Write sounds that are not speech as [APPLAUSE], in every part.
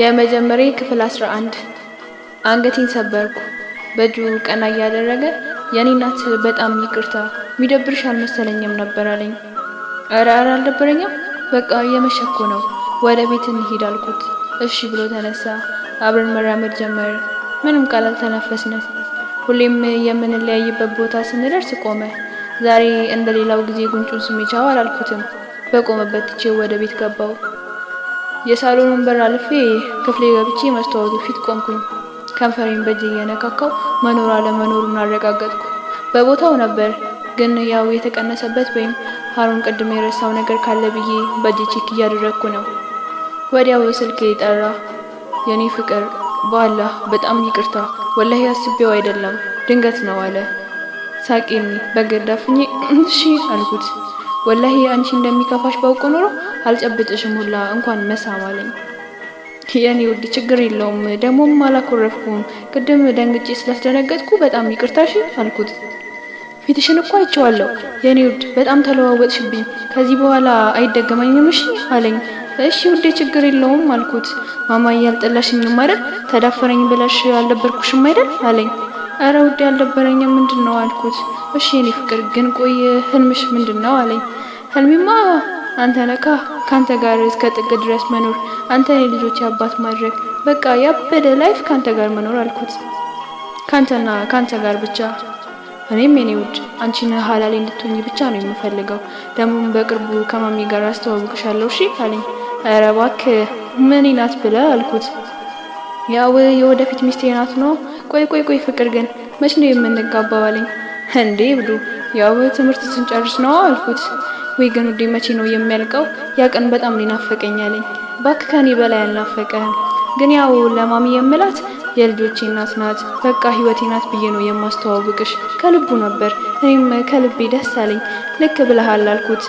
የመጀመሪያ ክፍል 11 አንገቴን ሰበርኩ። በእጁ ቀና እያደረገ የኔ እናት በጣም ይቅርታ የሚደብርሽ አልመሰለኝም ነበር አለኝ። ኧረ ኧረ አልደበረኝም፣ በቃ የመሸኮ ነው፣ ወደ ቤት እንሂድ አልኩት። እሺ ብሎ ተነሳ። አብረን መራመድ ጀመር። ምንም ቃል አልተነፈስንም። ሁሌም የምንለያይበት ቦታ ስንደርስ ቆመ። ዛሬ እንደሌላው ጊዜ ጉንጩን ስሜቻው አላልኩትም። በቆመበት ትቼው ወደ ቤት ገባው። የሳሎኑን በር አልፌ ክፍሌ ገብቼ መስታወቱ ፊት ቆምኩኝ። ከንፈሬን በእጅ እየነካካው መኖር አለመኖሩን አረጋገጥኩ። በቦታው ነበር፣ ግን ያው የተቀነሰበት ወይም ሀሩን ቅድም የረሳው ነገር ካለ ብዬ በእጅ ቼክ እያደረግኩ ነው። ወዲያው ስልክ ጠራ። የኔ ፍቅር በአላህ በጣም ይቅርታ፣ ወላሂ አስቤው አይደለም ድንገት ነው አለ። ሳቄን በግርዳፍኜ እሺ አልኩት። ወላሂ አንቺ እንደሚከፋሽ ባውቅ ኖሮ አልጨብጥሽም ሁላ እንኳን መሳም አለኝ። የኔ ውድ ችግር የለውም ደግሞም አላኮረፍኩም። ቅድም ደንግጬ ስላስደነገጥኩ በጣም ይቅርታሽ አልኩት። ፊትሽን እኮ አይቼዋለሁ የኔ ውድ፣ በጣም ተለዋወጥሽብኝ። ከዚህ በኋላ አይደገመኝም እሺ አለኝ። እሺ ውዴ ችግር የለውም አልኩት። ማማ አልጠላሽኝም አይደል? ተዳፈረኝ ብለሽ አልደበርኩሽም አይደል? አለኝ። አረ ውዴ አልደበረኝም ምንድን ነው አልኩት። እሺ የኔ ፍቅር ግን ቆይ ህልምሽ ምንድን ነው አለኝ። ህልሜማ አንተ ነካ ካንተ ጋር እስከ ጥግ ድረስ መኖር፣ አንተን የልጆች አባት ማድረግ፣ በቃ ያበደ ላይፍ ካንተ ጋር መኖር አልኩት። ካንተና ካንተ ጋር ብቻ እኔም የኔ ውድ አንቺን ሀላሌ እንድትሆኝ ብቻ ነው የምፈልገው። ደግሞም በቅርቡ ከማሚ ጋር አስተዋውቅሻለሁ እሺ አለኝ። ኧረ እባክህ ምን ይናት ብለ አልኩት። ያው የወደፊት ሚስቴ ናት ነው። ቆይ ቆይ ቆይ ፍቅር ግን መች ነው የምንጋባው አለኝ። እንዴ ብዱ ያው ትምህርት ስንጨርስ ነው አልኩት። ወይ ግን ውዴ መቼ ነው የሚያልቀው? ያ ቀን በጣም ሊናፈቀኛለኝ። ባክ ከኔ በላይ አልናፈቀህም። ግን ያው ለማሚ የምላት የልጆቼ እናት ናት፣ በቃ ህይወቴ ናት ብዬ ነው የማስተዋውቅሽ። ከልቡ ነበር። እኔም ከልቤ ደስ አለኝ። ልክ ብለሃል አልኩት።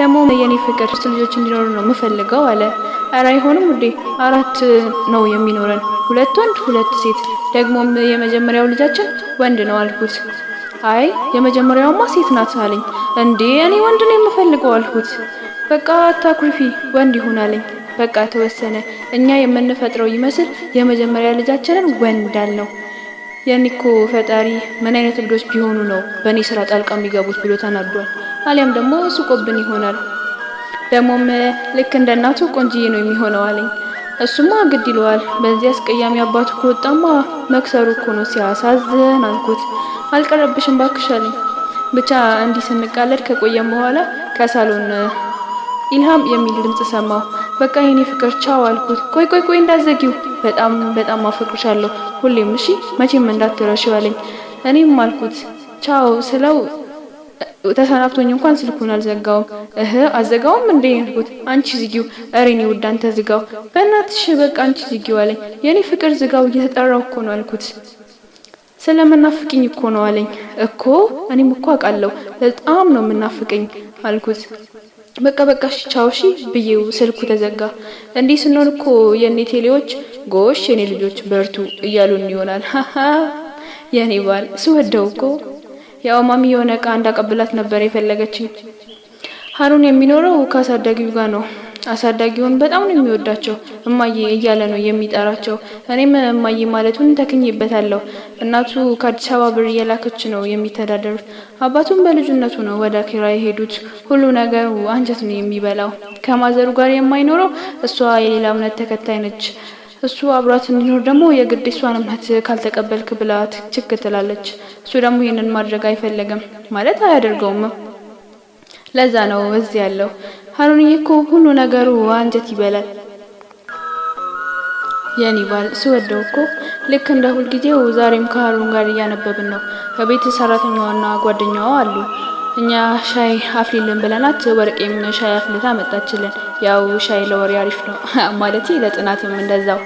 ደግሞ የኔ ፍቅር ሶስት ልጆች እንዲኖሩ ነው የምፈልገው አለ። ኧረ አይሆንም ውዴ፣ አራት ነው የሚኖረን፣ ሁለት ወንድ ሁለት ሴት። ደግሞም የመጀመሪያው ልጃችን ወንድ ነው አልኩት። አይ የመጀመሪያውማ ሴት ናት አለኝ። እንዴ እኔ ወንድ ነው የምፈልገው አልኩት። በቃ አታኩርፊ ወንድ ይሁን አለኝ። በቃ ተወሰነ። እኛ የምንፈጥረው ይመስል የመጀመሪያ ልጃችንን ወንድ አልነው። የኔ እኮ ፈጣሪ ምን አይነት እብዶች ቢሆኑ ነው በእኔ ስራ ጣልቃ የሚገቡት ብሎ ተናዷል። አሊያም ደግሞ ቆብን ይሆናል። ደግሞም ልክ እንደ እናቱ ቆንጅዬ ነው የሚሆነው አለኝ። እሱማ ግድ ይለዋል። በዚህ አስቀያሚ አባቱ ከወጣማ መክሰሩ እኮ ነው ሲያሳዝን አልኩት። አልቀረብሽም ባክሽ ብቻ እንዲህ ስንቃለድ ከቆየም በኋላ ከሳሎን ኢልሃም የሚል ድምጽ ሰማሁ። በቃ የኔ ፍቅር ቻው አልኩት። ቆይ ቆይ ቆይ እንዳዘጊው በጣም በጣም አፈቅርሻለሁ ሁሌም፣ እሺ መቼም እንዳትረሺው አለኝ። እኔም አልኩት ቻው ስለው ተሰናብቶኝ እንኳን ስልኩን አልዘጋውም። እህ አዘጋውም እንዴ ያልኩት፣ አንቺ ዝጊው። ኧረ እኔ ውድ አንተ ዝጋው፣ በእናትሽ በቃ አንቺ ዝጊው አለኝ። የኔ ፍቅር ዝጋው እየተጠራው እኮ ነው አልኩት። ስለምናፍቅኝ እኮ ነው አለኝ። እኮ እኔም እኮ አውቃለሁ በጣም ነው የምናፍቅኝ አልኩት። በቃ በቃ እሺ ቻው እሺ ብዬው ስልኩ ተዘጋ። እንዲህ ስንሆን እኮ የእኔ ቴሌዎች ጎሽ የኔ ልጆች በርቱ እያሉን ይሆናል። የእኔ ባል ስወደው እኮ ያው ማሚ የሆነ ዕቃ እንዳቀብላት ነበር የፈለገችኝ። ሀሩን የሚኖረው ከአሳዳጊው ጋር ነው። አሳዳጊውን በጣም ነው የሚወዳቸው። እማዬ እያለ ነው የሚጠራቸው። እኔም እማዬ ማለቱን ተክኝበታለሁ እናቱ ከአዲስ አበባ ብር እየላከች ነው የሚተዳደሩት። አባቱም በልጅነቱ ነው ወደ ኪራ የሄዱት። ሁሉ ነገሩ አንጀት ነው የሚበላው። ከማዘሩ ጋር የማይኖረው እሷ የሌላ እምነት ተከታይ ነች። እሱ አብሯት እንዲኖር ደግሞ የግድ እሷን እምነት ካልተቀበልክ ብላ ችክ ትላለች። እሱ ደግሞ ይህንን ማድረግ አይፈለግም ማለት አያደርገውም። ለዛ ነው እዚህ ያለው። ሀሩንዬ እኮ ሁሉ ነገሩ አንጀት ይበላል። የኔ ባል ስወደው እኮ ልክ እንደ ሁልጊዜው ዛሬም ከሀሩን ጋር እያነበብን ነው። ከቤት ሰራተኛዋና ጓደኛዋ አሉ። እኛ ሻይ አፍሊልን ብለናት ወርቄም ሻይ አፍልታ መጣችልን። ያው ሻይ ለወሬ አሪፍ ነው [LAUGHS] ማለት ለጥናትም እንደዛው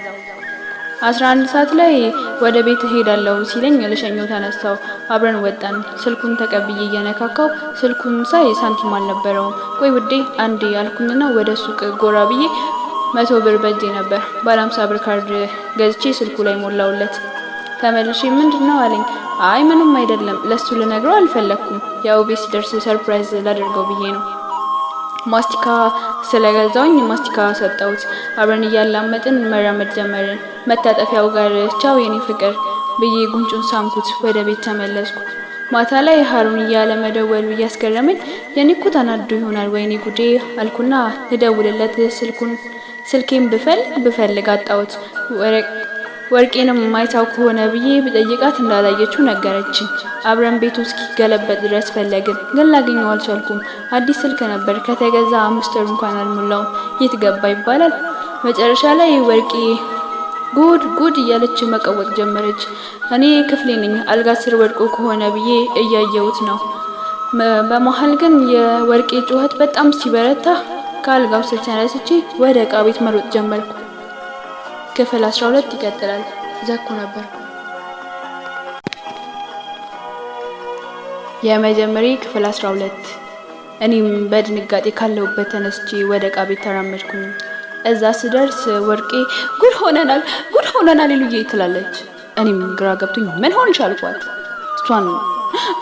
አስራ አንድ ሰዓት ላይ ወደ ቤት እሄዳለሁ ሲለኝ ልሸኘው ተነሳው። አብረን ወጣን። ስልኩን ተቀብዬ እየነካካው ስልኩን ሳይ ሳንቲም አልነበረውም። ቆይ ውዴ አንዴ ያልኩኝና ወደ ሱቅ ጎራ ብዬ መቶ ብር በእጄ ነበር። ባለ ሃምሳ ብር ካርድ ገዝቼ ስልኩ ላይ ሞላውለት። ተመልሼ ምንድን ነው አለኝ። አይ ምንም አይደለም፣ ለሱ ልነግረው አልፈለግኩም። ያው ቤት ሲደርስ ሰርፕራይዝ ላደርገው ብዬ ነው ማስቲካ ስለገዛውኝ ማስቲካ ሰጠውት። አብረን እያላመጥን መራመድ ጀመርን። መታጠፊያው ጋር ቻው የኔ ፍቅር ብዬ ጉንጩን ሳምኩት። ወደ ቤት ተመለስኩ። ማታ ላይ ሀሩን እያለ መደወሉ እያስገረመኝ የኔ እኮ ተናዶ ይሆናል ወይኔ ጉዴ አልኩና ልደውልለት ስልኩን ስልኬን ብፈልግ ብፈልግ አጣሁት። ወርቄንም የማይታው ከሆነ ብዬ ብጠይቃት እንዳላየችው ነገረችኝ። አብረን ቤቱ እስኪገለበጥ ድረስ ፈለግን፣ ግን ላገኘው አልቻልኩም። አዲስ ስልክ ነበር፣ ከተገዛ አምስት ወር እንኳን አልሞላውም። የት ገባ ይባላል። መጨረሻ ላይ ወርቄ ጉድ ጉድ እያለች መቀወጥ ጀመረች። እኔ ክፍሌ ነኝ፣ አልጋ ስር ወድቆ ከሆነ ብዬ እያየሁት ነው። በመሀል ግን የወርቄ ጩኸት በጣም ሲበረታ ከአልጋው ስር ተነስቼ ወደ እቃ ቤት መሮጥ ጀመርኩ። ክፍል 12 ይቀጥላል። ዘኮ ነበር የመጀመሪ ክፍል 12 እኔም በድንጋጤ ካለሁበት ተነስቼ ወደ ዕቃ ቤት ተራመድኩኝ። እዛ ስደርስ ወርቄ ጉድ ሆነናል፣ ጉድ ሆነናል ሉዬ ትላለች። እኔም ግራ ገብቶኝ ምን ሆንሽ አልኳት። እሷን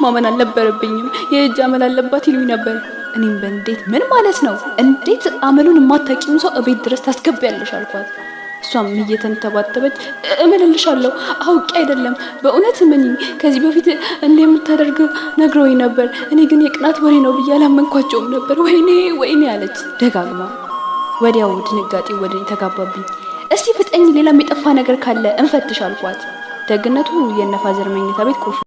ማመን አልነበረብኝም። የእጅ አመል አለባት ይሉኝ ነበር። እኔም በእንዴት ምን ማለት ነው? እንዴት አመሉን የማታውቂውን ሰው እቤት ድረስ ታስገቢያለሽ? አልኳት። እሷም እየተንተባተበች እምልልሻለሁ፣ አውቄ አይደለም፣ በእውነት ምን ከዚህ በፊት እንደምታደርግ ነግረውኝ ነበር፣ እኔ ግን የቅናት ወሬ ነው ብዬ አላመንኳቸውም ነበር። ወይኔ ወይኔ አለች ደጋግማ። ወዲያው ድንጋጤ ወደ ተጋባብኝ። እስቲ ፍጠኝ፣ ሌላም የጠፋ ነገር ካለ እንፈትሽ አልኳት። ደግነቱ የነፋዘር መኝታ ቤት ቁልፍ